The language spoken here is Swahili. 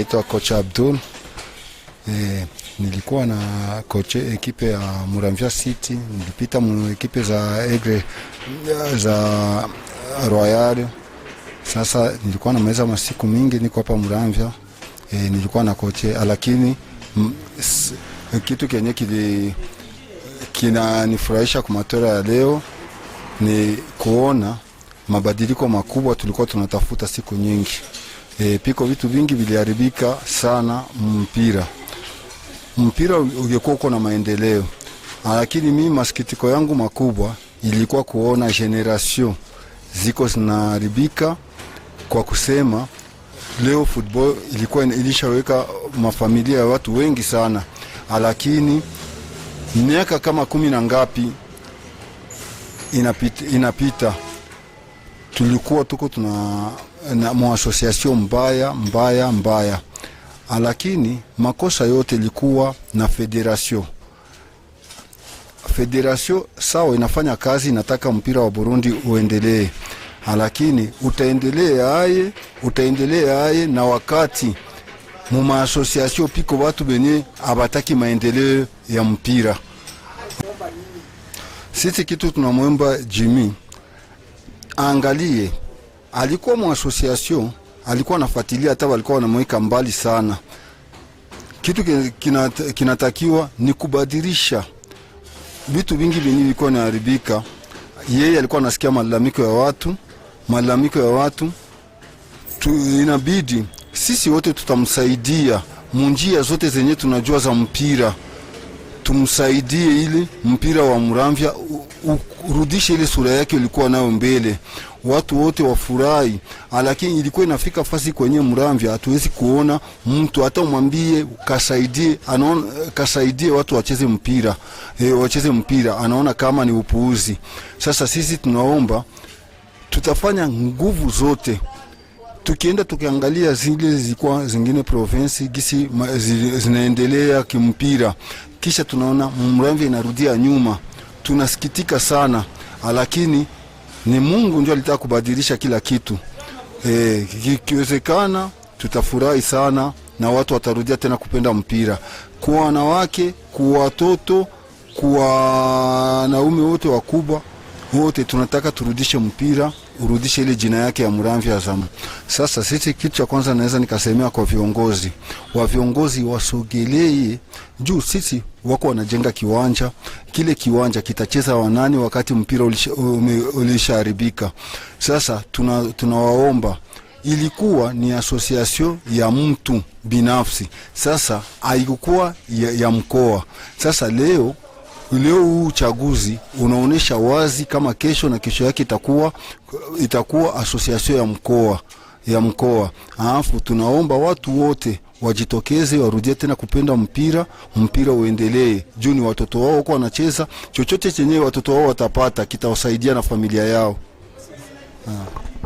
naitwa kocha Abdul. E, nilikuwa na kocha ekipe ya Muramvya City, nilipita ekipe za Egre za Royal. Sasa nilikuwa namaliza masiku mingi niko hapa Muramvya. E, nilikuwa na kocha lakini kitu kenye kili kinanifurahisha kwa matoro ya leo ni kuona mabadiliko makubwa tulikuwa tunatafuta siku nyingi e, piko vitu vingi viliharibika sana. Mpira mpira ungekuwa uko na maendeleo, ah, lakini mimi masikitiko yangu makubwa ilikuwa kuona generation ziko zinaharibika kwa kusema leo football ilikuwa ilishaweka mafamilia ya watu wengi sana, ah, lakini miaka kama kumi na ngapi inapita, inapita tulikuwa tuko tuna na mwa association mbaya mbaya mbaya, ah, lakini makosa yote ilikuwa na federation. Federation sawa inafanya kazi, inataka mpira wa Burundi uendelee, ah, lakini utaendelee aye, utaendelee aye na wakati muma association piko watu benye abataki maendeleo ya mpira. Sisi kitu tunamwomba Jimmy angalie alikuwa mwa association, alikuwa anafuatilia hata walikuwa wanamweka mbali sana. Kitu kinatakiwa kina, ni kubadilisha vitu vingi vyenye vilikuwa vinaharibika. Yeye alikuwa anasikia malalamiko ya watu, malalamiko ya watu tu, inabidi sisi wote tutamsaidia munjia zote zenye tunajua za mpira, tumsaidie ili mpira wa Muramvya urudishe ile sura yake ilikuwa nayo mbele watu wote wafurahi, ah, lakini ilikuwa inafika fasi kwenye mramvya, hatuwezi kuona mtu hata umwambie kasaidie, anaona kasaidie watu wacheze mpira e, wacheze mpira, anaona kama ni upuuzi. Sasa sisi tunaomba, tutafanya nguvu zote tukienda tukiangalia zile zilikuwa zingine provinsi gisi zinaendelea kimpira, kisha tunaona mramvya inarudia nyuma, tunasikitika sana, ah, lakini ni Mungu ndio alitaka kubadilisha kila kitu. E, kikiwezekana tutafurahi sana na watu watarudia tena kupenda mpira kwa wanawake, kwa watoto, kwa wanaume wote wakubwa wote tunataka turudishe mpira, urudishe ile jina yake ya Muramvi Azam. Sasa sisi, kitu cha kwanza naweza nikasemea kwa viongozi wa viongozi wasogelee juu, sisi wako wanajenga kiwanja kile, kiwanja kitacheza wanani wakati mpira ulishaharibika? Sasa tunawaomba tuna ilikuwa ni asosiasio ya mtu binafsi, sasa haikukuwa ya, ya mkoa. Sasa leo leo huu uchaguzi unaonyesha wazi kama kesho na kesho yake itakuwa itakuwa asosiasio ya mkoa ya mkoa. Alafu tunaomba watu wote wajitokeze warudie tena kupenda mpira, mpira uendelee juu ni watoto wao wako wanacheza. Chochote chenyewe watoto wao watapata kitawasaidia na familia yao ha. Ah.